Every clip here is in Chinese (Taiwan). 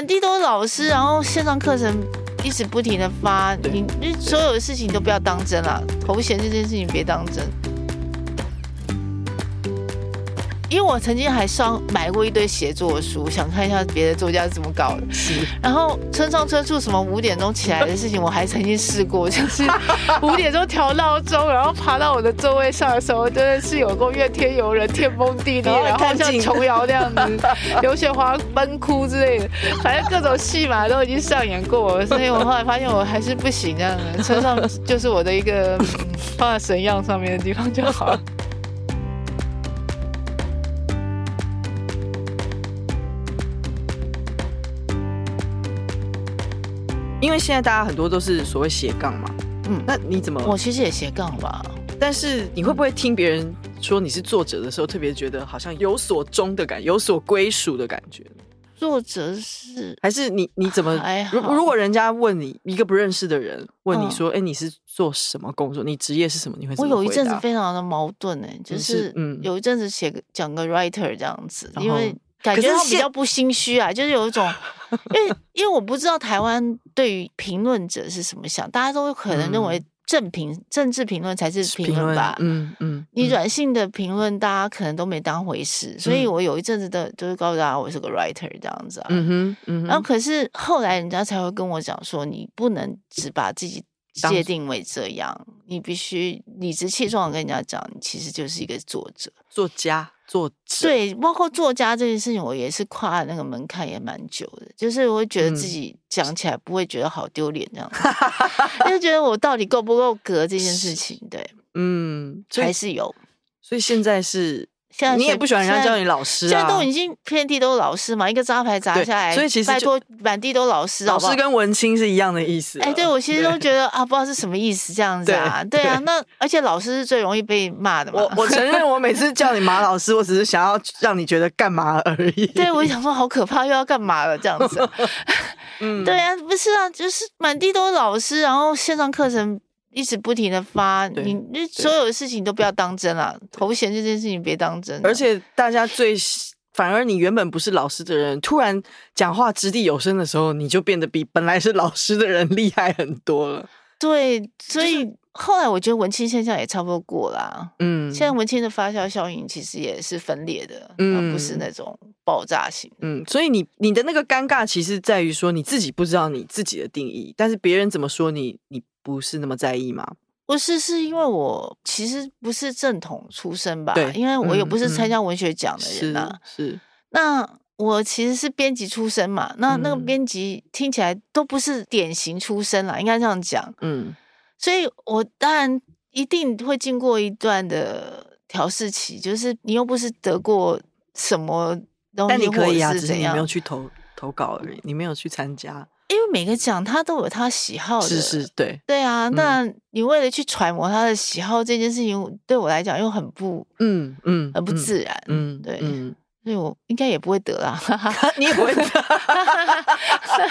本地都是老師，然後線上課程一直不停地發，你所有的事情都不要當真啦，頭銜這件事情別當真。因為我曾經還上買過一堆寫作的書，想看一下別的作家怎麼搞的。然後村上春樹什麼五點鐘起來的事情，我還曾經試過，就是五點鐘調鬧鐘，然後爬到我的座位上的時候，真、就、的是有過怨天尤人、天崩地裂，然後像瓊瑤那樣子，劉雪華崩哭之類的，反正各種戲碼都已經上演過。所以我後來發現我還是不行，這樣的村上就是我的一個、嗯、放在神樣上面的地方就好了。因為現在大家很多都是所謂斜槓嘛，嗯，那你怎麼？我其實也斜槓吧，但是你會不會聽別人說你是作者的時候，嗯、特別覺得好像有所終的感覺，有所歸屬的感覺？作者是還是你？你怎麼？哎呀，如果如果人家問你一個不認識的人問你說，哎、嗯，你是做什麼工作？你職業是什麼？你會麼？我有一陣子非常的矛盾呢，就是，是嗯，有一陣子寫個講個 writer 這樣子，因為。感覺他比較不心虛啊，就是有一種，因為因為我不知道台灣對於評論者是什麼想，大家都可能認為政評、嗯、政治評論才是評論吧，嗯嗯，嗯，你軟性的評論大家可能都沒當回事，嗯、所以我有一陣子的都、就是告訴大家我是個 writer 這樣子啊，啊、嗯。嗯哼，然後可是後來人家才會跟我講說，你不能只把自己界定為這樣，你必須理直氣壯的跟人家講，你其實就是一個作者作家。做對，包括作家這件事情，我也是跨了那個門檻也蠻久的，就是我會覺得自己講起來不會覺得好丟臉這樣，就 覺得我到底夠不夠格這件事情，對，嗯，還是有，所以現在是。 現在，現在你也不喜歡人家叫你老師，啊現，現在都已經遍地都是老師嘛，一個招牌砸下來，所以其實拜託，滿地都老師好不好？老師跟文青是一樣的意思。哎、欸，對我其實都覺得啊，不知道是什麼意思這樣子啊，對、對、對啊，那而且老師是最容易被罵的嘛。我我承認，我每次叫你馬老師， 我只是想要讓你覺得幹嘛而已。對，我一想說好可怕，又要幹嘛了這樣子。 嗯，對啊，不是啊，就是滿地都是老師，然後線上課程。一直不停的發，你你所有的事情都不要當真了，頭銜這件事情別當真。而且大家最反而你原本不是老師的人，突然講話擲地有聲的時候，你就變得比本來是老師的人厲害很多了。對，所以、就是、後來我覺得文青現象也差不多過啦。嗯，現在文青的發酵效應其實也是分裂的，嗯，而不是那種爆炸性。嗯，所以你你的那個尷尬，其實在於說你自己不知道你自己的定義，但是別人怎麼說你，你。不是那麼在意嗎？不是，是因為我其實不是正統出身吧、嗯？因為我也不是參加文學獎的人啊、嗯是。是，那我其實是編輯出身嘛。那那個編輯聽起來都不是典型出身了、嗯，應該這樣講。嗯，所以我當然一定會經過一段的調試期，就是你又不是得過什麼東西或，或、啊、只是你沒有去投投稿而已，你沒有去參加。因為每個獎他都有他喜好，是是，對，對啊。嗯、那你為了去揣摩他的喜好這件事情，對我來講又很不，嗯嗯，很不自然嗯，嗯，對，嗯，所以我應該也不會得啦，你也不會得，這、嗯、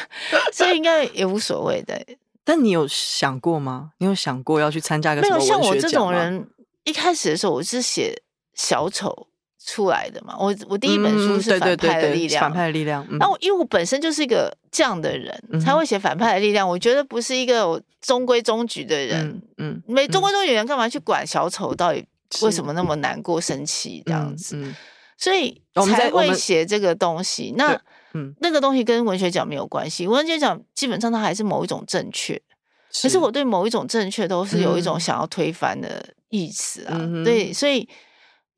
這 應該也無所謂。對，但你有想過嗎？你有想過要去參加一個什麼？沒有，像我這種人，一開始的時候我是寫小丑。出來的嘛，我我第一本書是反派的力量，嗯、對對對對反派的力量。那、嗯、我因為我本身就是一個這樣的人、嗯，才會寫反派的力量。我覺得不是一個中規中矩的人，嗯，嗯，沒中規中矩的人幹嘛去管小丑到底為什麼那麼難過生、生氣這樣子、嗯嗯？所以才會寫這個東西。那、嗯、那個東西跟文學獎沒有關係。文學獎基本上它還是某一種正確，可是我對某一種正確都是有一種想要推翻的意思啊。嗯、對、嗯，所以。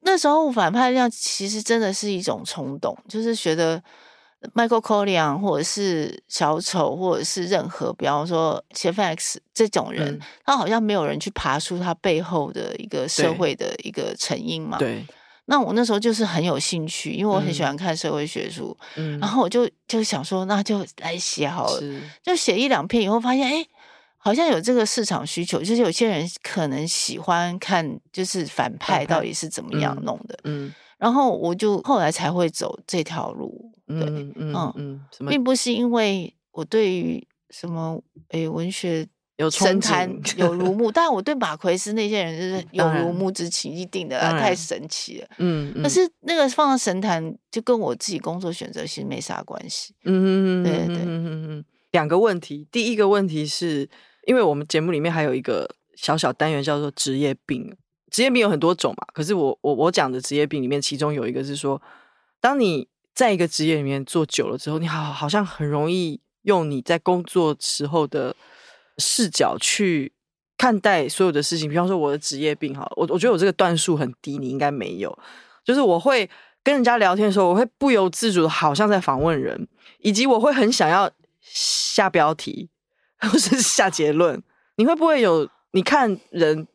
那時候反派量其實真的是一種衝動，就是覺得 Michael Corleone 或者是小丑，或者是任何，比方說 CFX 這種人、嗯，他好像沒有人去爬出他背後的一個社會的一個成因嘛。對。那我那時候就是很有興趣，因為我很喜歡看社會學術、嗯、然後我就就想說，那就來寫好了，就寫一兩篇，以後發現，誒、欸好像有這個市場需求，就是有些人可能喜歡看，就是反派到底是怎麼樣弄的。嗯。嗯，然後我就後來才會走這條路。對，嗯嗯嗯，什麼，並不是因為我對於什麼誒，文學有神壇有孺慕，但我對馬奎斯那些人就是有孺慕之情，一定的，太神奇了。嗯，可、嗯、是那個放到神壇，就跟我自己工作選擇其實沒啥關係。嗯嗯嗯嗯嗯嗯，嗯對對對兩個問題，第一個問題是。因為我們節目裡面還有一個小小單元叫做職業病，職業病有很多種嘛。可是我我我講的職業病裡面，其中有一個是說，當你在一個職業裡面做久了之後，你好好像很容易用你在工作時候的視角去看待所有的事情。比方說我的職業病哈，我我覺得我這個段數很低，你應該沒有。就是我會跟人家聊天的時候，我會不由自主的好像在訪問人，以及我會很想要下標題。或者是下結論，你會不會有？你看人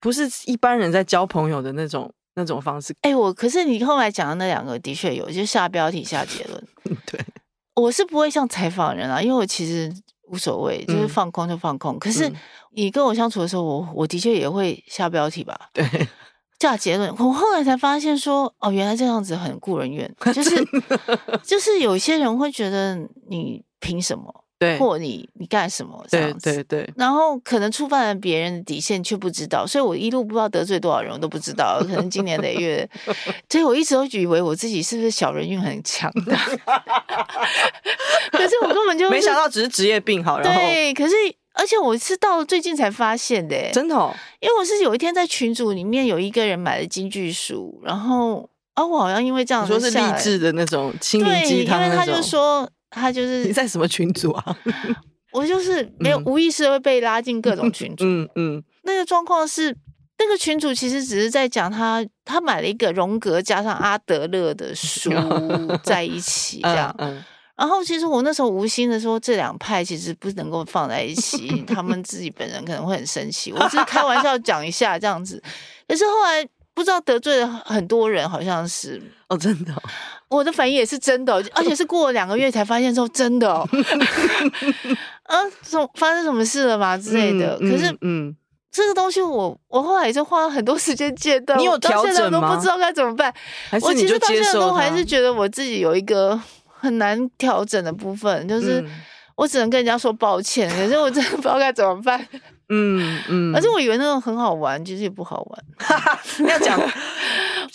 不是一般人在交朋友的那種那種方式。哎、欸，我可是你後來講的那兩個的，的確有，就下標題、下結論。對，我是不會像採訪人啊，因為我其實無所謂，就是放空就放空、嗯。可是你跟我相處的時候，我我的確也會下標題吧？對，下結論。我後來才發現說，哦，原來這樣子很顧人怨。就是 就是有些人會覺得你憑什麼。或你你幹什麼這樣子？對對對，然後可能觸犯了別人的底線，卻不知道。所以我一路不知道得罪多少人，我都不知道。可能今年的月， 所以我一直都以為我自己是不是小人運很強的。 可是我根本就是，沒想到，只是職業病。好，了，對，可是而且我是到最近才發現的。真的，哦？因為我是有一天在群組裡面有一個人買了金句書，然後啊，我好像因為這樣說是勵志的那種，心靈雞湯的那種對，因為他就說。他就是你在什麼群組啊？ 我就是沒有無意識會被拉進各種群組。嗯嗯，嗯，那個狀況是那個群組其實只是在講他他買了一個榮格加上阿德勒的書在一起這樣。 嗯嗯，然後其實我那時候無心的說這兩派其實不能夠放在一起， 他們自己本人可能會很生氣。我只是開玩笑講一下這樣子，可是後來。不知道得罪了很多人，好像是哦，真的、哦，我的反應也是真的、哦，而且是過了兩個月才發現說真的哦， 啊，怎麼發生什麼事了嗎之類的、嗯嗯？可是，嗯，這個東西我我後來也花了很多時間借到，你有調整嗎？到現在都不知道該怎麼辦，我其實到現在都還是覺得我自己有一個很難調整的部分，就是我只能跟人家說抱歉，嗯、可是我真的不知道該怎麼辦。 嗯嗯，而且我以為那種很好玩，其實也不好玩。哈 哈要講，要講，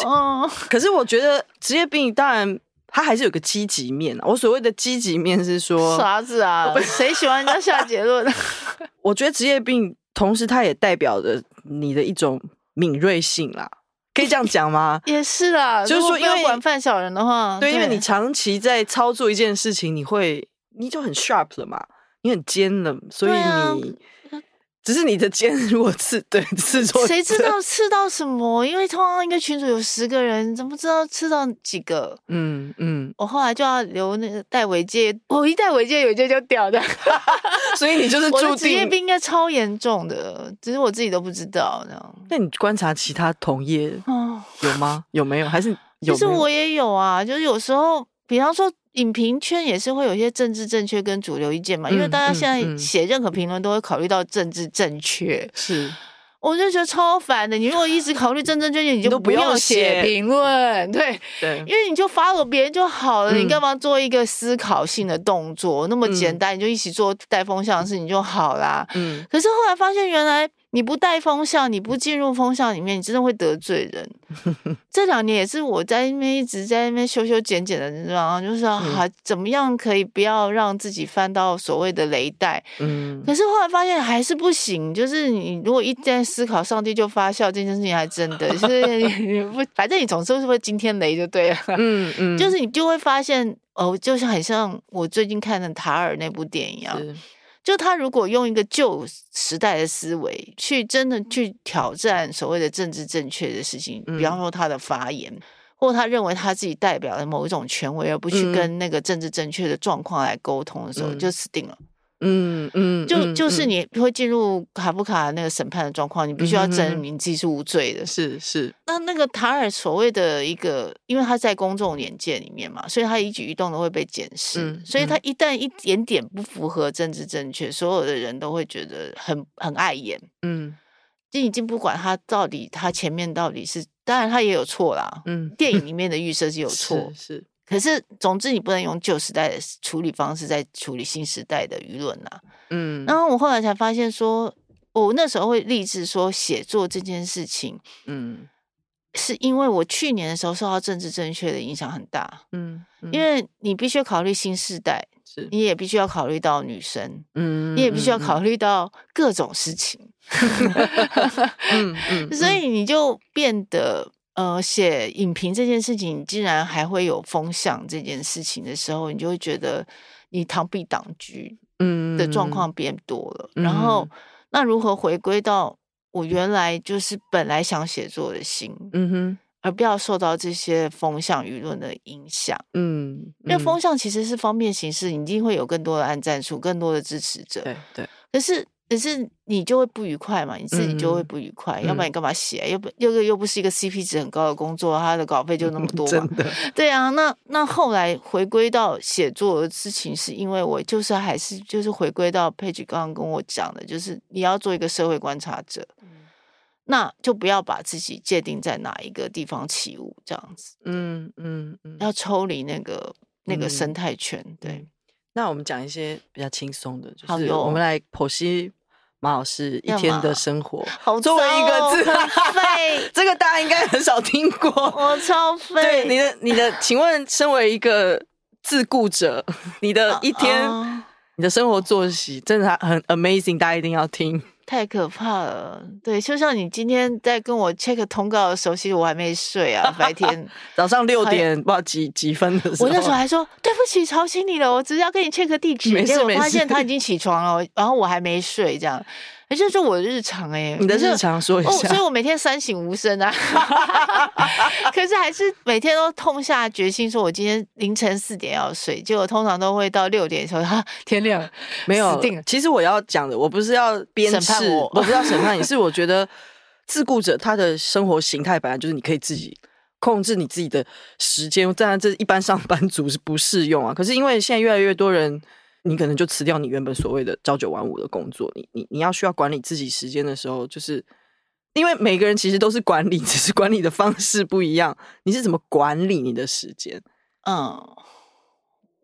嗯，可是我覺得職業病當然它還是有個積極面啊。我所謂的積極面是說啥子啊？誰喜歡人家下結論？ 我覺得職業病同時它也代表着你的一種敏銳性啦，可以這樣講嗎？也是啦，就是說不要管犯小人的話。對對，對，因為你長期在操作一件事情，你會你就很 sharp 了嘛，你很尖了，所以你。只是你的肩如果刺對刺錯，誰知道刺到什麼？因為通常一個群組有十個人，怎麼知道刺到幾個？嗯，嗯嗯，我後來就要留那個戴尾戒，我一戴尾戒，尾戒就掉的 。所以你就是注定我職業病應該超嚴重的，只是我自己都不知道這樣。那你觀察其他同業有嗎？有沒有？還是有？其實 我也有啊，就是有時候，比方說。影評圈也是會有一些政治正確跟主流意見嘛，因為大家現在寫任何評論都會考慮到政治正確、嗯嗯嗯。是，我就覺得超煩的。你如果一直考慮政治正確、啊，你就不要寫評論，對對，因為你就發給別人就好了，嗯、你幹嘛做一個思考性的動作？那麼簡單，嗯、你就一起做帶風向的事情就好啦。嗯、可是後來發現原來。你不帶風向，你不進入風向裡面，你真的會得罪人。 這兩年也是我在那邊一直在那邊修修剪剪的那種，然後就是啊,啊，怎麼樣可以不要讓自己翻到所謂的雷帶？嗯，可是後來發現還是不行。就是你如果一旦思考上帝就發笑這件事情，還真的就是你,你不，反正你總是會驚天雷就對了。嗯嗯，就是你就會發現哦，就是很像我最近看的塔爾那部電影一樣。就他如果用一個舊時代的思維去真的去挑戰所謂的政治正確的事情，嗯、比方說他的發言，或他認為他自己代表了某一種權威，而不去跟那個政治正確的狀況來溝通的時候，嗯、就死定了。嗯嗯，就嗯就是你會進入卡夫卡那個審判的狀況，嗯，你必須要證明自己是無罪的。是是，那那個塔爾所謂的一個，因為他在公眾眼界裡面嘛，所以他一舉一動都會被檢視，嗯，所以他一旦一點點不符合政治正確，嗯，所有的人都會覺得很很礙眼。嗯，這已經不管他到底他前面到底是，當然他也有錯啦。嗯，電影裡面的預設是有錯，嗯嗯、是。是可是，總之你不能用舊時代的處理方式在處理新時代的輿論吶。嗯，然後我後來才發現說，說我那時候會立志說寫作這件事情，嗯，是因為我去年的時候受到政治正確的影響很大，嗯，嗯，因為你必須要考慮新時代，你也必須要考慮到女生，嗯，嗯，嗯、你也必須要考慮到各種事情，嗯嗯，嗯， 所以你就變得。呃，寫影評這件事情竟然還會有風向這件事情的時候，你就會覺得你螳臂擋車，嗯的狀況變多了、嗯嗯。然後，那如何回歸到我原來就是本來想寫作的心，嗯哼，而不要受到這些風向輿論的影響、嗯，嗯，因為風向其實是方便行事，你一定會有更多的按讚數，更多的支持者，對對。可是。可是你就會不愉快嘛？你自己就會不愉快，嗯、要不然你幹嘛寫？又不又又不是一個 CP 值很高的工作，他的稿費就那麼多嘛？真的。對啊。那那後來回歸到寫作的事情，是因為我就是還是就是回歸到佩奇剛剛跟我講的，就是你要做一個社會觀察者，嗯、那就不要把自己界定在哪一個地方起舞這樣子。嗯嗯，嗯，要抽離那個那個生態圈、嗯。對。那我們講一些比較輕鬆的，就是我們來剖析。馬老師一天的生活，哦、作為一個自僱，這個大家應該很少聽過。 我超廢，對你的你的，請問，身為一個自僱者，你的一天， 你的生活作息，真的很 amazing，大家一定要聽。太可怕了，對，就像你今天在跟我 check 個通告的時候，其實我還沒睡啊，白天 早上六點不知道幾幾分的時候，我那時候還說，對不起，吵醒你了，我只是要跟你 check 個地址。 結果發現他已經起床了，然後我還沒睡，這樣。也就是我的日常。哎、欸，你的日常說一下。哦、所以我每天三省吾身啊， 可是還是每天都痛下決心，說我今天凌晨四點要睡，結果通常都會到六點的時候，哈哈天亮，天亮沒有，死定了。其實我要講的，我不是要鞭笞我，我不是要審判你，是我覺得自顧者他的生活形態本來就是你可以自己控制你自己的時間，站在這一般上班族是不適用啊。可是因為現在越來越多人。你可能就辭掉你原本所謂的朝九晚五的工作，你你你要需要管理自己時間的時候，就是因為每個人其實都是管理，只是管理的方式不一樣。你是怎麼管理你的時間？嗯，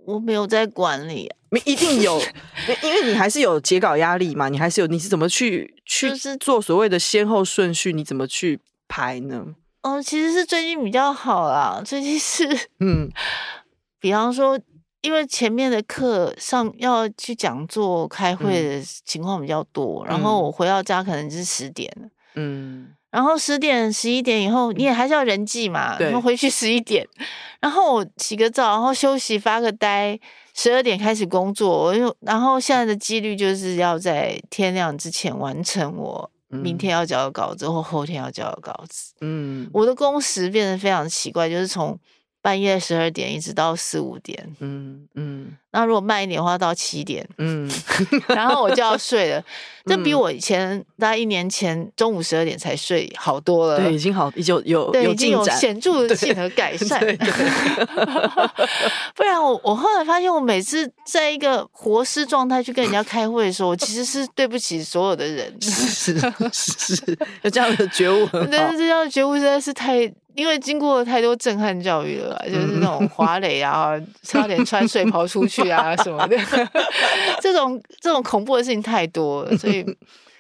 我沒有在管理、啊，沒一定有， 因為你還是有截稿壓力嘛，你還是有，你是怎麼去去做所謂的先後順序？你怎麼去排呢？哦，其實是最近比較好啦，最近是嗯，比方說。因為前面的課上要去講座、開會的情況比較多，嗯，然後我回到家可能就是十點，嗯，然後十點十一點以後，你也還是要人際嘛，然後我回去十一點，然後我洗個澡，然後休息發個呆，十二點開始工作，我又然後現在的紀律就是要在天亮之前完成我，嗯，明天要交的稿子或後天要交的稿子，嗯，我的工時變得非常奇怪，就是從。半夜十二點一直到四五點，嗯嗯。那如果慢一點的話，到七點，嗯，然後我就要睡了。嗯、這比我以前大概一年前中午十二點才睡好多了。對，已經好，已經有，有，有對，已經有顯著性的性格改善。對對對 不然我我後來發現，我每次在一個活屍狀態去跟人家開會的時候，我其實是對不起所有的人。 是是是，有這樣的覺悟。但是這樣的覺悟實在是太，因為經過了太多震撼教育了，就是那種滑壘啊，差點穿睡袍出去。對啊，什麼的，這種這種恐怖的事情太多了，所以，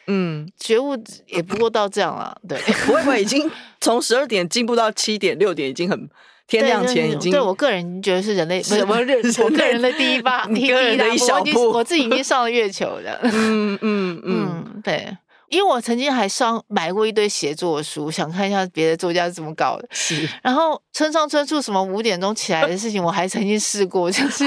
嗯，覺悟也不過到這樣了。對，我不會已經從十二點進步到七點、六點，已經很天亮前，已經對，對，對，對，對我個人覺得是人類什麼認識。我個人的第一發，第一，人的一小步一，我自己已經上了月球的。嗯嗯嗯，嗯，對。因為我曾經還上買過一堆寫作的書，想看一下別的作家是怎麼搞的。是，然後村上春樹什麼五點鐘起來的事情，我還曾經試過，就是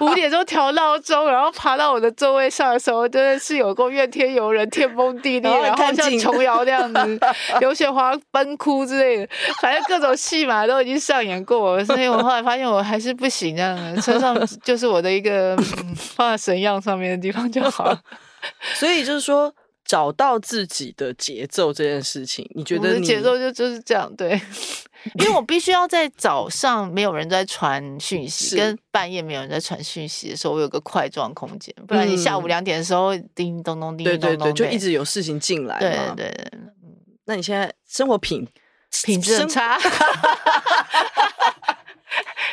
五點鐘調鬧鐘，然後爬到我的座位上的時候，真、就、的是有過怨天尤人、天崩地裂然，然後像瓊瑤這樣子劉 雪華奔哭之類的，反正各種戲碼都已經上演過了。所以我後來發現我還是不行，這樣的村上就是我的一個放在、嗯、神樣上面的地方就好。 所以就是說。找到自己的節奏這件事情，你覺得你？我的節奏就就是這樣，對，因為我必須要在早上沒有人在傳訊息， 跟半夜沒有人在傳訊息的時候，我有個塊狀空間，不然你下午兩點的時候、嗯、叮咚咚叮咚咚，就一直有事情進來。對對對，那你現在生活品品質很差。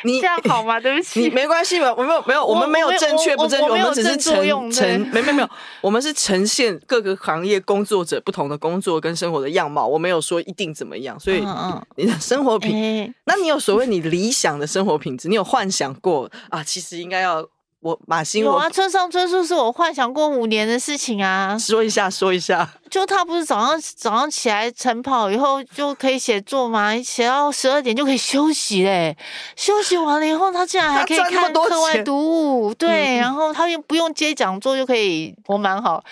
你這樣好嗎？對不起，你沒關係吧。沒有，我沒有，沒有，我，我們沒有正確不正確？我們只是呈呈，沒沒沒有，沒有 我們是呈現各個行業工作者不同的工作跟生活的樣貌。我沒有說一定怎麼樣，所以你的生活品，嗯嗯那你有所謂你理想的生活品質？你有幻想過 啊？其實應該要。我馬欣我有啊，村上春樹是我幻想過五年的事情啊。說一下，說一下。就他不是早上早上起來晨跑以後就可以寫作嘛？寫到十二點就可以休息嘞。休息完了以後，他竟然還可以看課外讀物、嗯。對，然後他又不用接講座就可以活蠻好。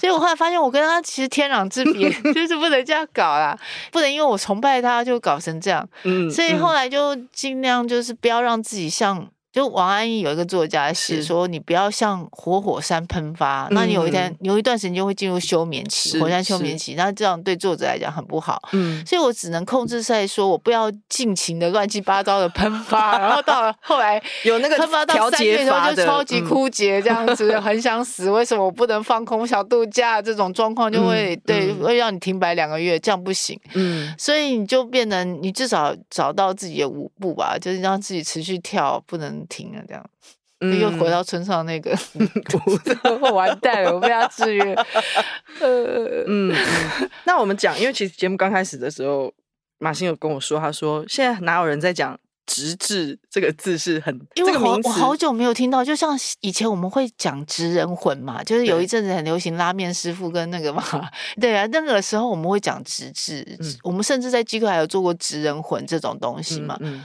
所以，我後來發現我跟他其實天壤之別， 就是不能這樣搞啦，不能因為我崇拜他就搞成這樣。嗯，所以後來就盡量就是不要讓自己像。就王安憶有一個作家寫說，你不要像活火，火山噴發，那你有一天、嗯、有一段時間就會進入休眠期，火山休眠期，那這樣對作者來講很不好。嗯，所以我只能控制在說我不要盡情的亂七八糟的噴發、嗯，然後到了後來 有那個噴發到三個月的時候，就超級枯竭這樣、嗯、這樣子，很想死。為什麼我不能放空小度假？嗯、這種狀況就會、嗯、對會讓你停擺兩個月，這樣不行。嗯，所以你就變成你至少找到自己的舞步吧，就是讓自己持續跳，不能。停了，這樣、嗯、又回到村上那個，我、嗯、 完蛋了， 我被他制約。 呃，嗯，那我們講，因為其實節目剛開始的時候，馬欣有跟我說，他說現在哪有人在講“職志”這個字是很，因為我好、這個、我好久沒有聽到，就像以前我們會講“職人魂」嘛，就是有一陣子很流行拉麵師傅跟那個嘛，對啊，那個時候我們會講職“職、嗯、志”我們甚至在機構還有做過“職人魂」這種東西嘛。嗯嗯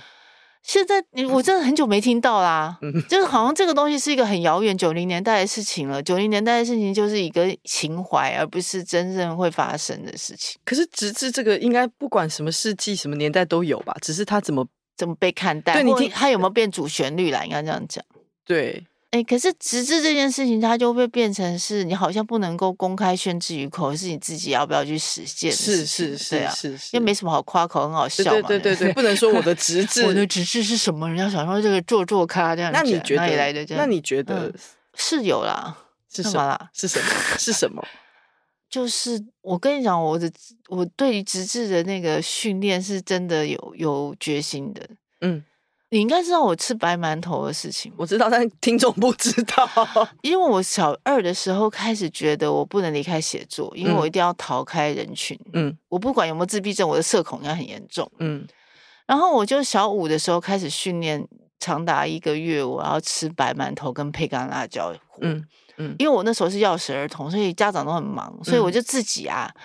現在我真的很久沒聽到啦， 就是好像這個東西是一個很遙遠九零年代的事情了。九零年代的事情就是一個情懷，而不是真正會發生的事情。可是，直至這個應該不管什麼世紀、什麼年代都有吧，只是它怎麼怎麼被看待。對，你聽，它有沒有變主旋律啦，應該這樣講。對。誒，可是職志這件事情，它就會變成是你好像不能夠公開宣之於口，是你自己要不要去實踐？是是是，是啊，是是是，因為沒什麼好誇口，很好笑嘛。對對對、對、對、對、對、對、對，不能說我的職志 我的職志是什麼？人家想說，這個做做咖這、這樣，那你覺得那你覺得是有啦？是什麼？啦，是什麼？是什麼？ 就是我跟你講，我的我對於職志的那個訓練是真的有有決心的。嗯。你應該知道我吃白饅頭的事情，我知道，但聽眾不知道。 因為我小二的時候開始覺得我不能離開寫作，因為我一定要逃開人群。嗯，我不管有沒有自閉症，我的社恐應該很嚴重。嗯，然後我就小五的時候開始訓練，長達一個月，我要吃白饅頭跟配乾辣椒。嗯嗯，因為我那時候是鑰匙兒童，所以家長都很忙，所以我就自己啊、嗯、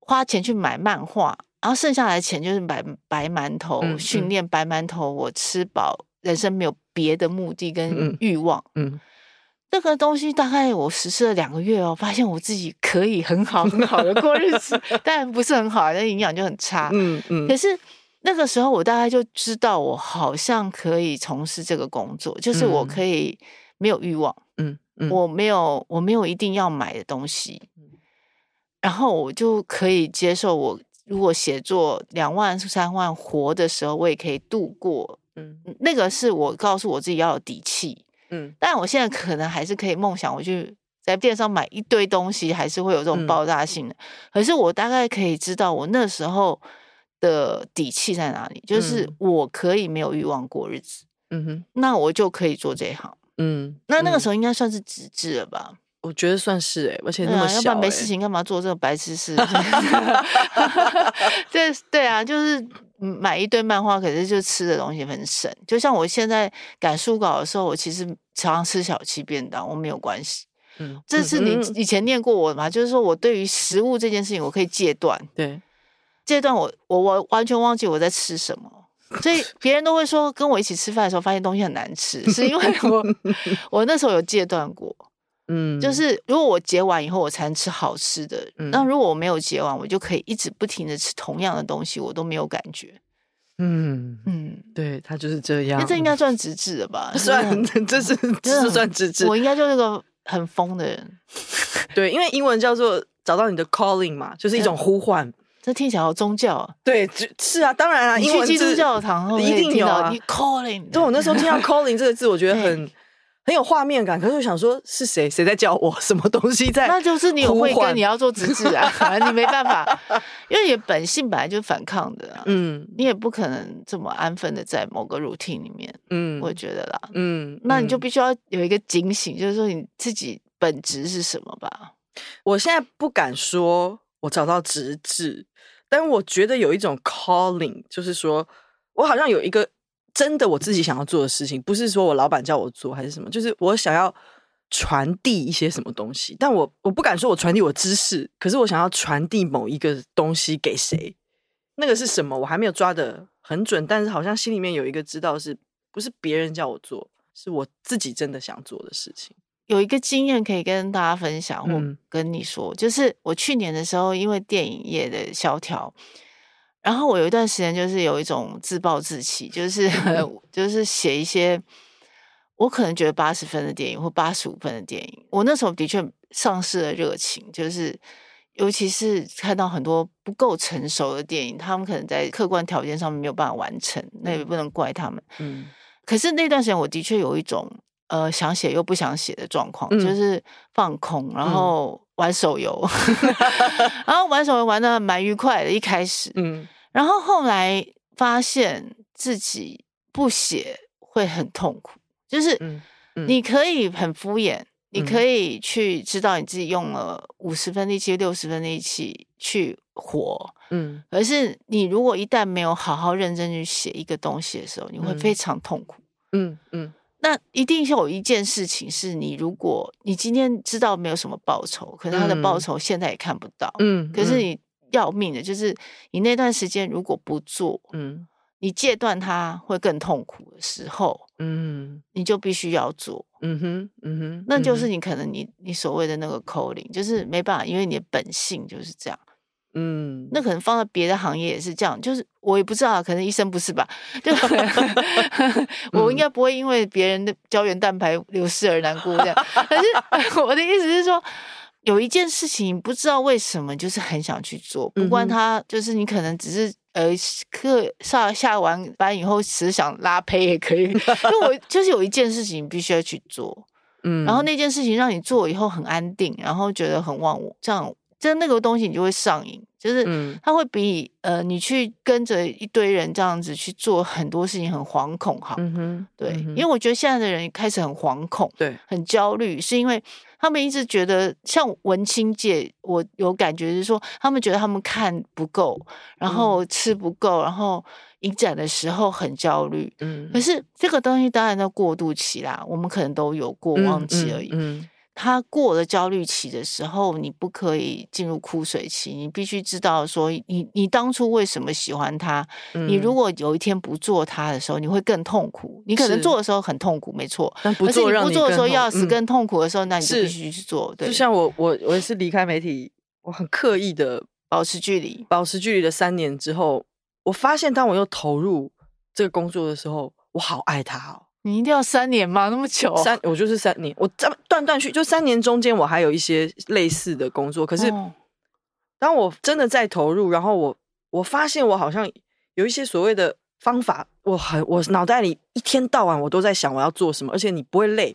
花錢去買漫畫。然後剩下來的錢就是買白饅頭、嗯嗯，訓練白饅頭。我吃飽，人生沒有別的目的跟慾望。嗯，這、嗯那個東西大概我實施了兩個月哦，發現我自己可以很好很好的過日子，當 然不是很好，那營養就很差。嗯嗯。可是那個時候我大概就知道，我好像可以從事這個工作，就是我可以沒有慾望。嗯，嗯我沒有我沒有一定要買的東西，然後我就可以接受我。如果寫作兩萬三萬活的時候，我也可以度過，嗯，那個是我告訴我自己要有底氣，嗯，但我現在可能還是可以夢想，我就在電商買一堆東西，還是會有這種爆炸性的、嗯。可是我大概可以知道，我那時候的底氣在哪裡，就是我可以沒有慾望過日子，嗯哼，那我就可以做這一行，嗯，嗯，那那個時候應該算是極致了吧。我覺得算是哎、欸，而且那麼小，要不然沒事情幹嘛做這個白痴事？這 對，對啊，就是買一堆漫畫，可是就吃的東西很省。就像我現在趕書稿的時候，我其實常常吃小七便當，我沒有關係、嗯。這是你以前念過我的嘛？嗯、就是說我對於食物這件事情，我可以戒斷。對，戒斷我，我我完全忘記我在吃什麼，所以別人都會說跟我一起吃飯的時候，發現東西很難吃，是因為我 我那時候有戒斷過。嗯，就是如果我結完以後我才能吃好吃的，嗯、那如果我沒有結完，我就可以一直不停的吃同樣的東西，我都沒有感覺。嗯嗯，對他就是這樣。這應該算職志的吧？算，嗯、這是這是算職志。我應該就是個很瘋的人。對，因為英文叫做找到你的 calling 嘛，就是一種呼喚、嗯。這聽起來好宗教啊？對，是啊，當然啊英文你去基督教堂一定有啊，calling。對我那時候聽到 calling 這個字，我覺得很。 很有畫面感，可是我想說是，是誰？誰在叫我？什麼東西在？那就是你有慧根你要做職志啊， 你沒辦法，因為你的本性本來就是反抗的、啊。嗯，你也不可能這麼安分的在某個 routine 裡面。嗯，我覺得啦，嗯，那你就必須要有一個警醒，就是說你自己本質是什麼吧。我現在不敢說我找到職志，但我覺得有一種 calling，就是說我好像有一個。真的，我自己想要做的事情，不是說我老闆叫我做還是什麼，就是我想要傳遞一些什麼東西。但我我不敢說我傳遞我知識，可是我想要傳遞某一個東西給誰，那個是什麼，我還沒有抓得很準。但是好像心裡面有一個知道是，是不是別人叫我做，是我自己真的想做的事情。有一個經驗可以跟大家分享，嗯、我跟你說，就是我去年的時候，因為電影業的蕭條。然後我有一段時間就是有一種自暴自棄，就是 就是寫一些我可能覺得八十分的電影或八十五分的電影，我那時候的確喪失了熱情，就是尤其是看到很多不夠成熟的電影，他們可能在客觀條件上面沒有辦法完成，那也不能怪他們。嗯，可是那段時間我的確有一種呃想寫又不想寫的狀況，嗯，就是放空，然後。嗯玩手遊 然後玩手遊玩得蠻愉快的，一開始，嗯，然後後來發現自己不寫會很痛苦，就是，你可以很敷衍、嗯嗯，你可以去知道你自己用了五十分力氣、六十分力氣去活，嗯，可是你如果一旦沒有好好認真去寫一個東西的時候，你會非常痛苦，嗯嗯。嗯那一定有一件事情是你。如果你今天知道沒有什麼報酬，可能他的報酬現在也看不到，嗯，可是你要命的，就是你那段時間如果不做，嗯，你戒斷他會更痛苦的時候，嗯，你就必須要做，嗯哼，嗯哼，嗯哼，那就是你可能你你所謂的那個 calling，就是沒辦法，因為你的本性就是這樣。嗯，那可能放到別的行業也是這樣，就是我也不知道，可能醫生不是吧？就 我應該不會因為別人的膠原蛋白流失而難過這樣。可是我的意思是說，有一件事情不知道為什麼就是很想去做，不管他，就是你可能只是、嗯、呃課上下完班以後，只想拉坯也可以。因 為我就是有一件事情必須要去做，嗯，然後那件事情讓你做以後很安定，然後覺得很忘我，這樣。真那個東西你就會上癮，就是它會比、嗯、呃你去跟着一堆人這樣子去做很多事情很惶恐哈、嗯，對、嗯，因為我覺得現在的人開始很惶恐，對，很焦慮，是因為他們一直覺得像文青界，我有感覺就是說他們覺得他們看不夠，然後吃不夠，然後影展的時候很焦慮，嗯，可是這個東西當然到過渡期啦，我們可能都有過忘期而已。嗯嗯嗯他過了焦慮期的時候，你不可以進入枯水期。你必須知道說你你當初為什麼喜歡他、嗯？你如果有一天不做他的時候，你會更痛苦。你可能做的時候很痛苦，沒錯。但不做讓你，是你不做的時候、嗯、要死更痛苦的時候，那你就必須去做。對，就像我，我，我也是離開媒體，我很刻意的保持距離，保持距離的三年之後，我發現，當我又投入這個工作的時候，我好愛他哦。你一定要三年嗎？那麼久、哦？三，我就是三年。我這麼斷斷續，就三年中間我還有一些類似的工作。可是，當我真的在投入，然後我我發現我好像有一些所謂的方法，我很我腦袋裡一天到晚我都在想我要做什麼，而且你不會累。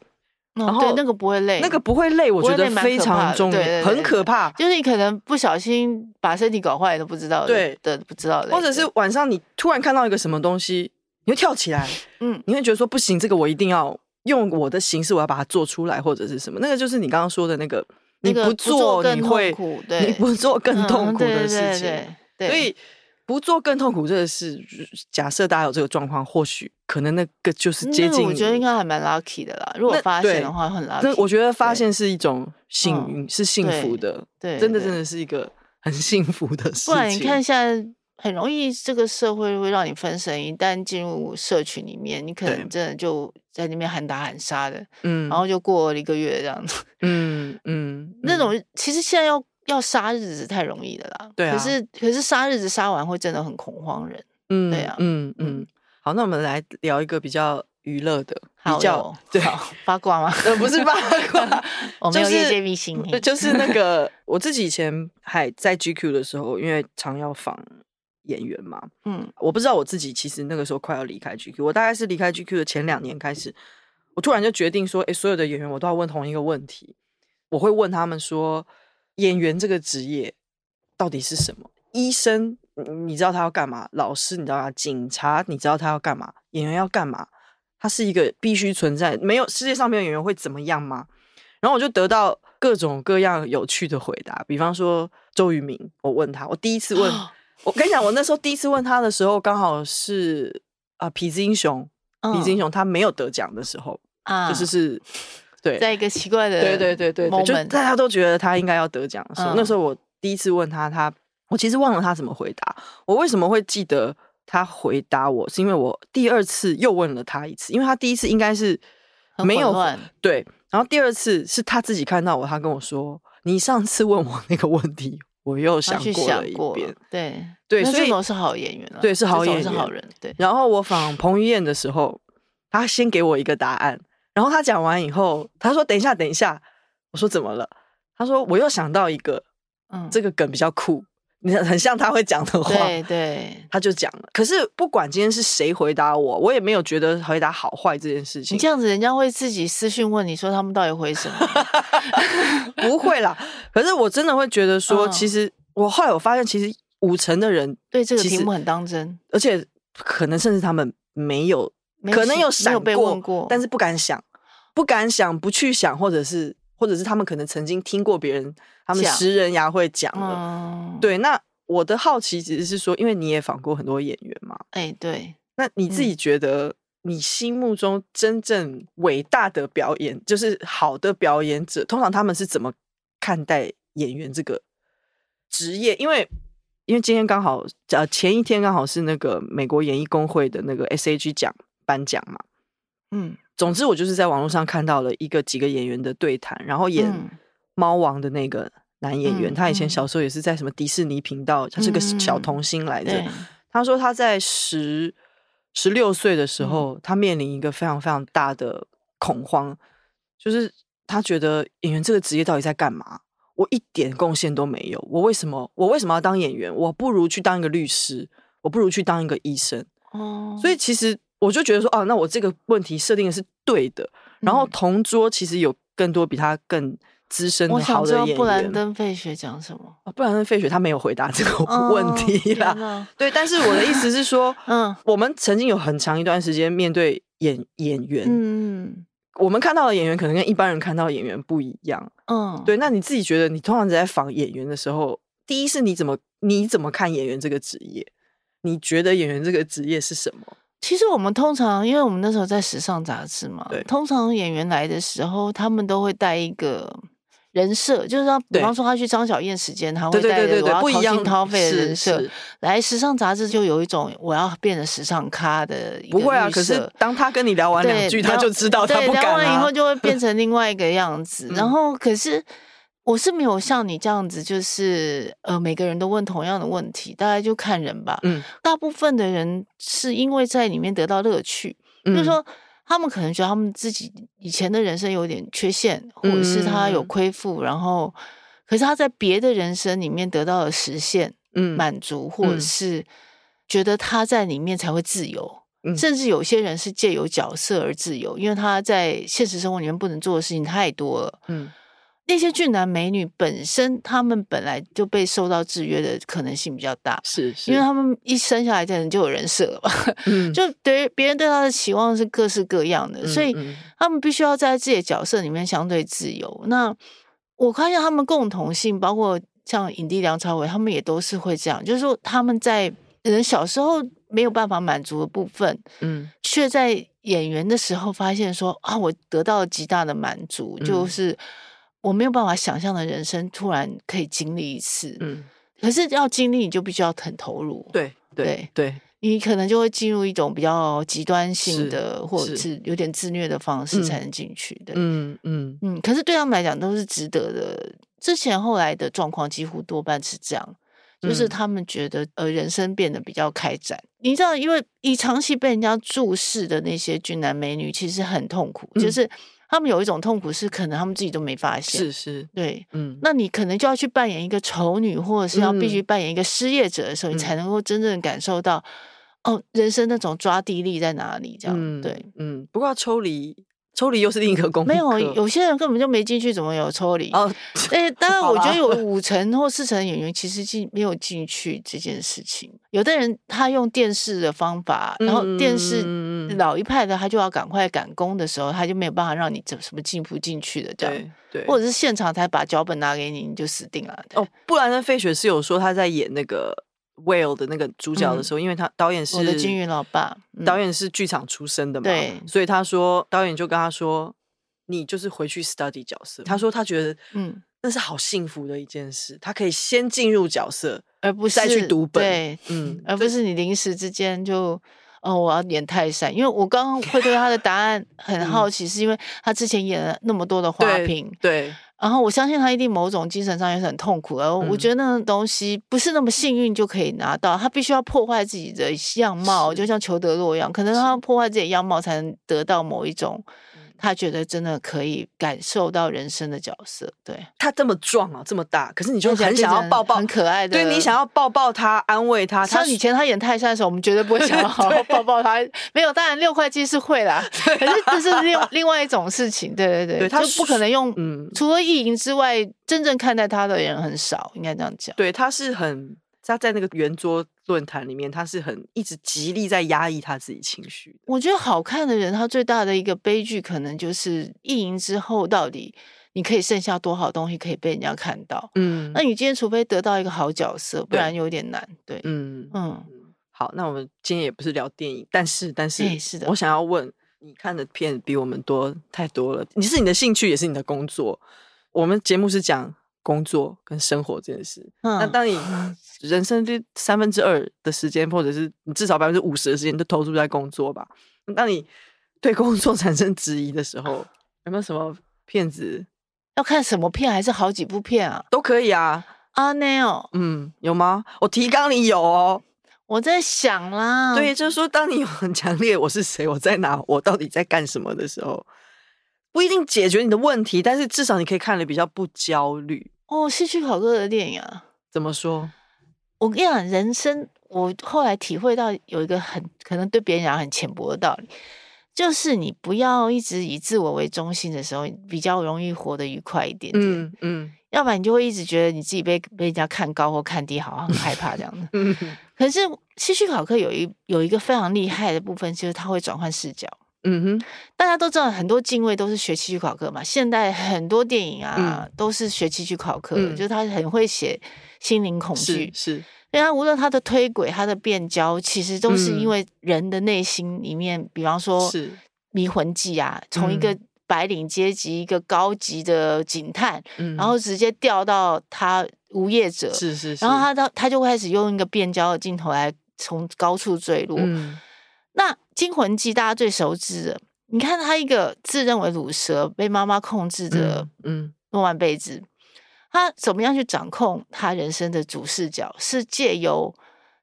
哦，然後對那個不會累，那個不會累，我覺得非常重要，很可怕。就是你可能不小心把身體搞壞都不知道。對的，不知道，或者是晚上你突然看到一個什麼東西。你會跳起來，嗯，你會覺得說不行，這個我一定要用我的形式，我要把它做出來，或者是什麼？那個就是你剛剛說的那個，你、那個、不做你會苦，對，你不做更痛苦的事情，嗯、對對對對對，所以不做更痛苦這個事。假設大家有這個狀況，或許可能那個就是接近，那個、我覺得應該還蠻 lucky 的啦。如果發現的話很 lucky，很 lucky。我覺得發現是一種幸運，嗯、是幸福的，對，對，對，真的真的是一個很幸福的事情。不然你看一下。很容易，這個社會會讓你分神。一旦進入社群裡面，你可能真的就在那邊喊打喊殺的，嗯，然後就過了一個月這樣子，嗯嗯，那種其實現在要要殺日子太容易的啦，對啊。可是可是殺日子殺完會真的很恐慌人，嗯對啊，嗯嗯。好，那我們來聊一個比較娛樂的，比較好對好八卦嗎？呃， 不是八卦，我 們、 就是就是那個 我自己以前還在 GQ 的時候，因為常要訪。演員嘛，嗯，我不知道我自己其實那個時候快要離開 GQ，我大概是離開 GQ 的前兩年開始，我突然就決定說，誒，所有的演員我都要問同一個問題，我會問他們說，演員這個職業到底是什麼？醫生，你，你知道他要幹嘛？老師，你知道，啊？警察，你知道他要幹嘛？演員要幹嘛？他是一個必須存在，沒有世界上沒有演員會怎麼樣嗎？然後我就得到各種各樣有趣的回答，比方說周渝民，我問他，我第一次問。哦 我跟你講，我那時候第一次問他的時候，剛好是啊，呃《痞子英雄》oh.《痞子英雄》他沒有得獎的時候啊，oh. 就是是，對，在一個奇怪的，對，對對對對，就大家都覺得他應該要得獎的時候。Oh. 那時候我第一次問他，他我其實忘了他怎麼回答。我為什麼會記得他回答我，是因為我第二次又問了他一次，因為他第一次應該是沒有問。對，然後第二次是他自己看到我，他跟我說：“你上次問我那個問題。”我又想過了一遍了，對對，所以是好演員，對，是好演員，是好人。對，然後我訪彭於晏的時候，他先給我一個答案，然後他講完以後，他說：“等一下，等一下。”我說：“怎麼了？”他說：“我又想到一個，嗯，這個梗比較酷。”你很像他會講的話，對對，他就講了。可是不管今天是誰回答我，我也沒有覺得回答好壞這件事情。你這樣子，人家會自己私訊問你說他們到底回什麼？ 不會啦。可是我真的會覺得說，嗯、其實我後來我發現，其實五成的人對這個題目很當真，而且可能甚至他們沒有，可能有閃過，過，但是不敢想，不敢想，不去想，或者是或者是他們可能曾經聽過別人。他們食人牙會講的，嗯、對。那我的好奇只是說，因為你也訪過很多演員嘛，哎、欸，對。那你自己覺得，你心目中真正偉大的表演，嗯、就是好的表演者，通常他們是怎麼看待演員這個職業？因為，因為今天剛好，呃，前一天剛好是那個美國演藝工會的那個 SAG 獎頒獎嘛。嗯，總之我就是在網絡上看到了一個幾個演員的對談，然後演。嗯貓王的那個男演員、嗯，他以前小時候也是在什麼迪士尼頻道、嗯，他是個小童星來着、嗯。他說他在十十六歲的時候，嗯、他面臨一個非常非常大的恐慌，就是他覺得演員這個職業到底在幹嘛？我一點貢獻都沒有，我為什麼我為什麼要當演員？我不如去當一個律師，我不如去當一個醫生。哦，所以其實我就覺得說，哦、啊，那我這個問題設定的是對的。然後同桌其實有更多比他更。資深的好的演員，我想知道布蘭登·費雪講什麼？哦、布蘭登·費雪他沒有回答這個問題啦、 哦啊。對，但是我的意思是說， 嗯，我們曾經有很長一段時間面對演演員，嗯，我們看到的演員可能跟一般人看到的演員不一樣，嗯，對。那你自己覺得，你通常在訪演員的時候，第一是你怎麼你怎麼看演員這個職業？你覺得演員這個職業是什麼？其實我們通常，因為我們那時候在時尚雜誌嘛，對，通常演員來的時候，他們都會帶一個。人設就是說，比方說他去張小燕時間，他會帶着我要掏心掏肺的人設來時尚雜誌，就有一種我要變成時尚咖的。不會啊，可是當他跟你聊完兩句，他就知道他不敢、啊。聊完以後就會變成另外一個樣子。 嗯、然後，可是我是沒有像你這樣子，就是呃，每個人都問同樣的問題，大概就看人吧。嗯，大部分的人是因為在裡面得到樂趣、嗯，就是說。他們可能覺得他們自己以前的人生有點缺陷，或者是他有虧負、嗯，然後，可是他在別的人生裡面得到了實現、嗯、滿足，或者是覺得他在裡面才會自由。嗯、甚至有些人是借由角色而自由，因為他在現實生活裡面不能做的事情太多了。嗯。那些俊男美女本身，他們本來就被受到制約的可能性比較大，是是因為他們一生下來這人就有人設了吧，嗯，就對於別人對他的期望是各式各樣的，嗯嗯，所以他們必須要在自己的角色裡面相對自由。那我發現他們共同性，包括像影帝梁朝偉，他們也都是會這樣，就是說他們在人小時候沒有辦法滿足的部分，嗯，卻在演員的時候發現說啊，我得到了極大的滿足，就是。我沒有辦法想象的人生，突然可以經歷一次。嗯，可是要經歷，你就必須要很投入。對對對，你可能就會進入一種比較極端性的，或者是有點自虐的方式才能進去的。嗯嗯嗯，嗯。可是對他們來講，都是值得的。之前後來的狀況幾乎多半是這樣，就是他們覺得、嗯、呃，人生變得比較開展。你知道，因為你長期被人家注視的那些俊男美女，其實很痛苦，就是。嗯他們有一種痛苦是，可能他們自己都沒發現。是是，對，嗯。那你可能就要去扮演一個醜女，或者是要必須扮演一個失業者的時候，嗯、你才能夠真正感受到，嗯，哦，人生那種抓地力在哪裡？這樣、嗯、對，嗯。不過要抽離，抽離又是另一個工作。沒有，有些人根本就沒進去，怎麼有抽離？哦、啊，哎、欸，當然，我覺得有五成或四成的演員其實進沒有進去這件事情。有的人他用電視的方法，然後電視老一派的，他就要趕快趕工的時候，他就沒有辦法讓你這什麼進不進去的這樣。對對。或者是現場才把腳本拿給你，你就死定了。哦，不然呢，飛雪是有說他在演那個。Whale 的那個主角的時候，嗯、因為他導演是，導演是的我的金魚老爸，導演是劇場出身的嘛，對。所以他說導演就跟他說：“你就是回去 study 角色。”他說他覺得，嗯，那是好幸福的一件事，他可以先進入角色，而不是再去讀本，對，嗯，而不是你臨時之間就 哦，我要演泰山。因為我剛剛會對他的答案很好奇，嗯，是因為他之前演了那麼多的花瓶，對。對然後我相信他一定某種精神上也是很痛苦的，嗯。我覺得那種東西不是那麼幸運就可以拿到，他必須要破壞自己的樣貌，就像裘德洛一樣，可能他破壞自己的樣貌才能得到某一種。他覺得真的可以感受到人生的角色，對，他這麼壯啊，這麼大，可是你就很想要抱抱，很可愛的，對，你想要抱抱他，安慰他。像以前他演泰山的時候，我們絕對不會想要好好抱抱他， 沒有。當然六塊肌是會啦、 啊，可是這是另另外一種事情。對對對，對，他是不可能用嗯，除了意淫之外，真正看待他的人很少，應該這樣講。對，他是很，他在那個圓桌。論壇裡面，他是很一直極力在壓抑他自己情緒。我覺得好看的人，他最大的一個悲劇，可能就是意淫之後，到底你可以剩下多少東西可以被人家看到。嗯，那你今天除非得到一個好角色，不然有點難。對，嗯嗯。好，那我們今天也不是聊電影，但是但是、欸、是的，我想要問，你看的片子比我們多太多了。你是你的興趣，也是你的工作。我們節目是講。工作跟生活這件事，嗯、那當你人生這三分之二的時間，或者是你至少百分之五十的時間都投注在工作吧，那當你對工作產生質疑的時候，有沒有什麼片子？要看什麼片，還是好幾部片啊？都可以啊。啊，那有，嗯，有嗎？我提綱裡有哦。我在想啦，對，就是說，當你很強烈，我是誰，我在哪，我到底在幹什麼的時候。不一定解決你的問題，但是至少你可以看的比較不焦慮哦。希區考克的電影啊，怎麼說？我跟你講，人生我後來體會到有一個很可能對別人講很淺薄的道理，就是你不要一直以自我為中心的時候，你比較容易活得愉快一點點。嗯嗯，要不然你就會一直覺得你自己被被人家看高或看低，好像很害怕這樣的。嗯， 可是希區考克有一有一個非常厲害的部分，就是他會轉換視角。嗯哼，大家都知道很多敬畏都是學希區考克嘛。現代很多電影啊、嗯、都是學希區考克，嗯，就是他很會寫心靈恐懼。是，因為他無論他的推軌、他的變焦，其實都是因為人的內心裡面，比方說是，《迷魂記》啊，從一個白領階級、嗯、一個高級的警探，嗯、然後直接掉到他無業者。是是是。然後他他他就開始用一個變焦的鏡頭來從高處墜落，嗯。那。《驚魂記》大家最熟知的，你看他一個自認為魯蛇被媽媽控制着，嗯，諾曼貝茲，他怎麼樣去掌控他人生的主視角？是借由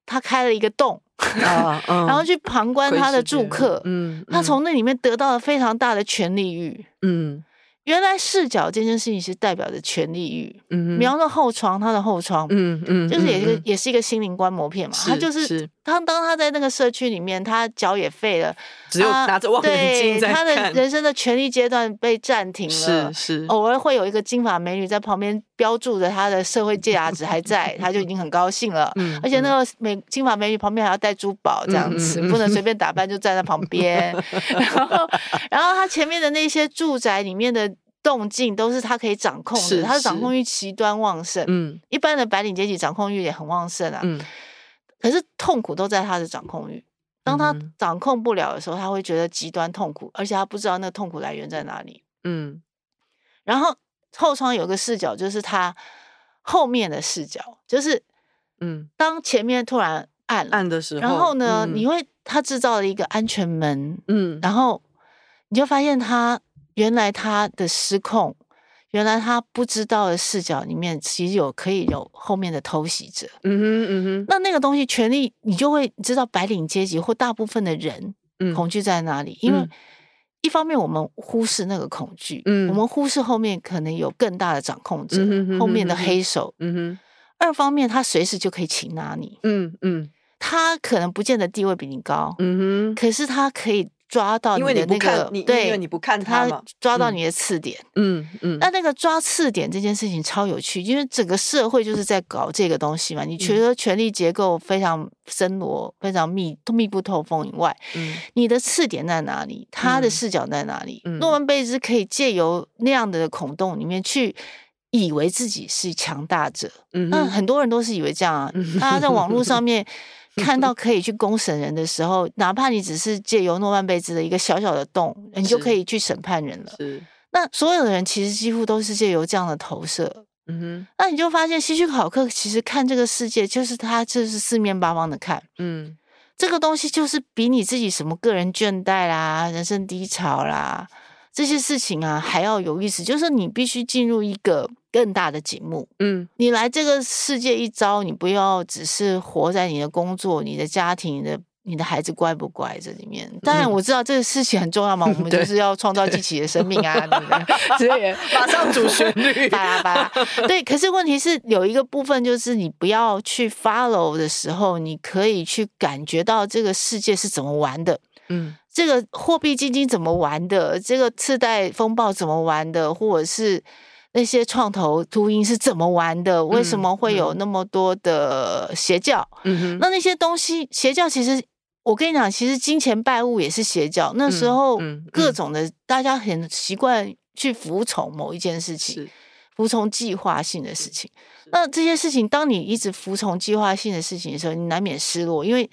他開了一個洞，啊、 然後去旁觀他的住客，嗯，嗯，他從那裡面得到了非常大的權力慾，嗯，嗯，原來視角這件事情是代表着權力慾，嗯，瞄、嗯、了後窗，他的後窗，嗯嗯，就是也是、嗯嗯、也是一個心靈觀摩片嘛，他就是。是當他在那個社區裡面，他腳也廢了，只有拿着望遠鏡在看，啊、對，他的人生的權利階段被暫停了。是是，偶爾會有一個金髮美女在旁邊標注着他的社會階牙值還在，他 就已經很高興了。嗯、而且那個美金髮美女旁邊還要戴珠寶這樣子，嗯、不能隨便打扮，就站在旁邊。 然後，然後他前面的那些住宅裡面的動靜都是他可以掌控的，他的掌控欲極端旺盛。嗯，一般的白領階級掌控欲也很旺盛啊。嗯可是痛苦都在他的掌控慾，當他掌控不了的時候，嗯、他會覺得極端痛苦，而且他不知道那個痛苦來源在哪裡。嗯，然後後窗有個視角，就是他後面的視角，就是嗯，當前面突然暗了，暗的時候，然後呢，嗯、你會他制造了一個安全門，嗯，然後你就發現他原來他的失控。原來他不知道的視角裡面，其實有可以有後面的偷襲者。嗯哼，嗯哼。那那個東西，權力你就會知道白領階級或大部分的人恐懼在哪裡。嗯，因為一方面我們忽視那個恐懼，嗯，我們忽視後面可能有更大的掌控者，嗯哼，後面的黑手。嗯哼。嗯哼，二方面，他隨時就可以擒拿你。嗯嗯。他可能不見得地位比你高。嗯哼。可是他可以。抓到你的那個，因為你不看你對，因為你不看他嘛，他抓到你的刺點，嗯嗯，嗯。那那個抓刺點這件事情超有趣，因為整個社會就是在搞這個東西嘛。你覺得權力結構非常森羅、嗯、非常密、密不透風以外、嗯，你的刺點在哪裡？他的視角在哪裡？諾、嗯、曼貝茲可以借由那樣的孔洞裡面去以為自己是強大者，嗯，那很多人都是以為這樣啊，大、嗯、家在網絡上面。 看到可以去公審人的時候，哪怕你只是借由諾曼貝茲的一個小小的洞，你就可以去審判人了。是，那所有的人其實幾乎都是借由這樣的投射。嗯哼，那你就發現希區考克其實看這個世界，就是他就是四面八方的看。嗯，這個東西就是比你自己什麼個人倦怠啦、人生低潮啦。這些事情啊，還要有意思，就是你必須進入一個更大的節目。嗯，你來這個世界一遭，你不要只是活在你的工作、你的家庭的、你的孩子乖不乖這裡面。當然我知道這個事情很重要嘛，嗯、我們就是要創造自己的生命啊。對不對？所以、嗯、馬上主旋律 巴拉巴拉。對，可是問題是有一個部分就是你不要去 follow 的時候，你可以去感覺到這個世界是怎麼玩的。嗯。這個貨幣基金，金怎麼玩的？這個次貸風暴怎麼玩的？或者是那些創投禿鷹是怎麼玩的？為什麼會有那麼多的邪教、嗯嗯？那那些東西，邪教其實，我跟你講，其實金錢拜物也是邪教。那時候，各種的、嗯嗯嗯、大家很習慣去服從某一件事情，服從計劃性的事情。那這些事情，當你一直服從計劃性的事情的時候，你難免失落，因為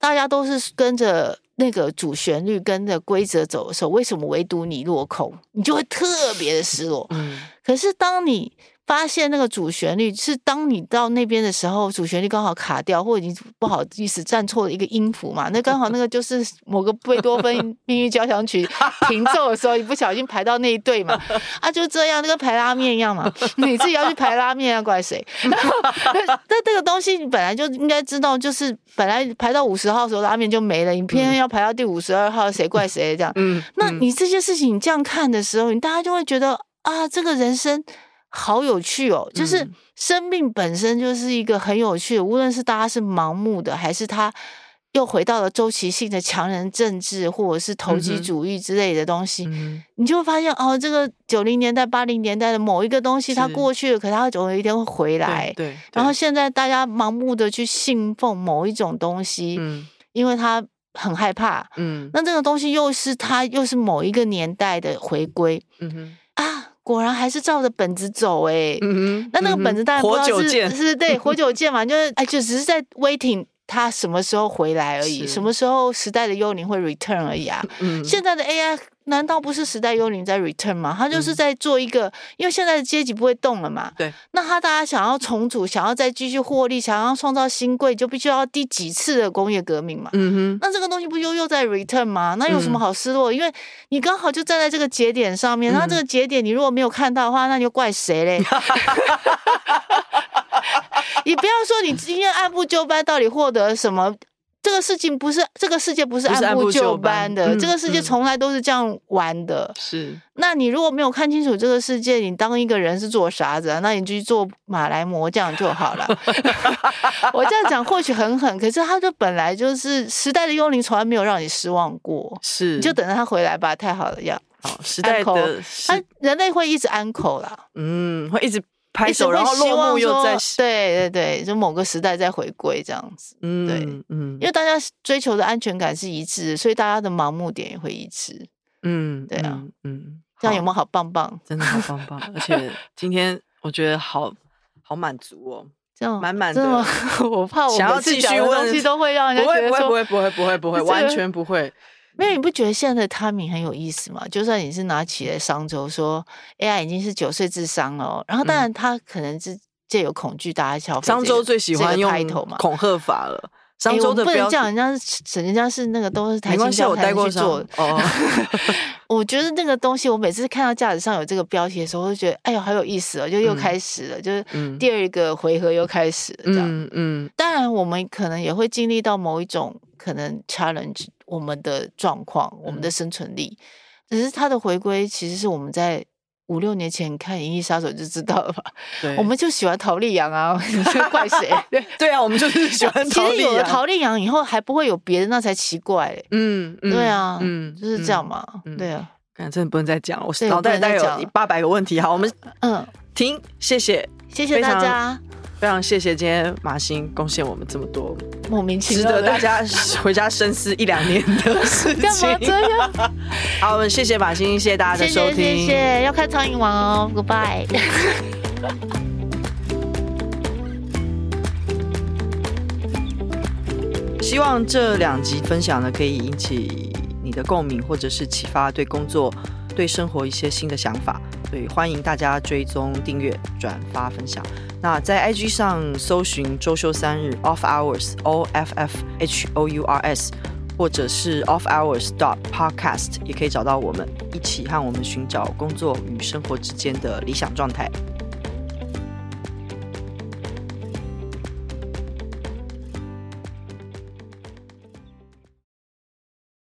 大家都是跟着。那個主旋律跟着規則走的時候，為什麼唯獨你落空，你就會特別的失落。嗯，可是當你。發現那個主旋律，是當你到那邊的時候，主旋律剛好卡掉，或者你不好意思站錯了一個音符嘛？那剛好那個就是某個貝多芬命運交響曲停奏的時候，你 不小心排到那一隊嘛？啊，就這樣，那個排拉麵一樣嘛。你自己要去排拉麵啊，怪誰？ 那這個東西你本來就應該知道，就是本來排到五十號的時候拉麵就沒了，你偏偏要排到第五十二號，誰怪誰？這樣 嗯，嗯，那你這些事情你這樣看的時候，你大家就會覺得啊，這個人生。好有趣哦！就是生命本身就是一個很有趣的，無論是大家是盲目的，還是他又回到了周期性的強人政治，或者是投機主義之類的東西，嗯嗯、你就會發現哦，這個九零年代、八零年代的某一個東西，它過去了，是可是它總有一天會回來對對。對，然後現在大家盲目的去信奉某一種東西，嗯，因為他很害怕，嗯，那這個東西又是他又是某一個年代的回歸，嗯果然還是照着本子走哎、欸嗯嗯，那那個本子當然不知道是活久見是，是，對，活久見嘛， 就是哎，就只是在 waiting，他什麼時候回來而已，什麼時候時代的幽靈會 return 而已啊，嗯、現在的 AI。難道不是時代幽靈在 return 嗎？他就是在做一個、嗯，因為現在的階級不會動了嘛。對。那他大家想要重組，想要再繼續獲利，想要創造新貴，就必須要第幾次的工業革命嘛。嗯哼。那這個東西不又又在 return 嘛，那有什麼好失落、嗯？因為你剛好就站在這個節點上面，那、嗯、這個節點你如果沒有看到的話，那你就怪誰嘞？你 不要說你今天按部就班，到底獲得了什麼？這個事情不是，這個世界不是按部就班的就班，嗯，這個世界從來都是這樣玩的。是，嗯，那你如果沒有看清楚這個世界，你當一個人是做啥子、啊？那你就去做馬來魔將就好了。 我這樣講或許很狠，可是它就本來就是時代的幽靈，從來沒有讓你失望過。是，你就等着他回來吧。太好了，要好時代的他，uncle、人類會一直安可啦。嗯，會一直。拍手希望，然後落幕又在，對對對，就某個時代在回歸這樣子，嗯，對，嗯，因為大家追求的安全感是一致，所以大家的盲目點也會一致，嗯，對啊，嗯，嗯，這樣有沒有好棒棒？真的好棒棒， 而且今天我覺得好好滿足哦，這樣滿滿的，的嗎 我怕我想要繼續問，東西都會讓人家覺得不會不會不會不會，不會，不會，不會，不會完全不會。因為你不覺得現在的他們很有意思嗎？就算你是拿起來商周說 AI 已經是九歲智商了，哦，然後當然他可能是借由恐懼大家笑，這個。商周最喜歡用標題嘛，恐嚇法了。商周的、哎、不能叫人家，人家是人家是那個都是台灣系台，我帶過我哦 我覺得那個東西，我每次看到架子上有這個標題的時候，我就覺得哎呦好有意思哦，就又開始了，嗯、就是第二個回合又開始了這樣。嗯嗯。當然，我們可能也會經歷到某一種可能 challenge。我們的狀況，我們的生存力，嗯、只是它的回歸，其實是我們在五六年前看《銀翼殺手》就知道了吧？對，我們就喜歡桃莉羊啊，你說怪誰？對啊，我們就是喜歡。其實有了桃莉羊以後，還不會有別的，那才奇怪、欸嗯。嗯，對啊，嗯，就是這樣嘛。嗯、對啊，感、嗯、覺、嗯嗯啊、真的不能再講了，我腦袋大概有八百個問題。好，我們嗯。停，謝謝，謝謝大家，非常，非常謝謝今天馬欣貢獻我們這麼多，莫名其妙的值得大家回家深思一兩年的事情。 你幹嘛這樣？ 好，我們謝謝馬欣，謝謝大家的收聽，謝謝。謝謝，要看、哦《蒼蠅王》哦，Goodbye。希望這兩集分享呢，可以引起你的共鳴，或者是啟發對工作、對生活一些新的想法。所以歡迎大家追蹤、訂閱、轉發、分享。那在 IG 上搜尋“周休三日 Off Hours” O F F H O U R S，或者是 Off Hours dot Podcast，也可以找到我們，一起和我們尋找工作與生活之間的理想狀態。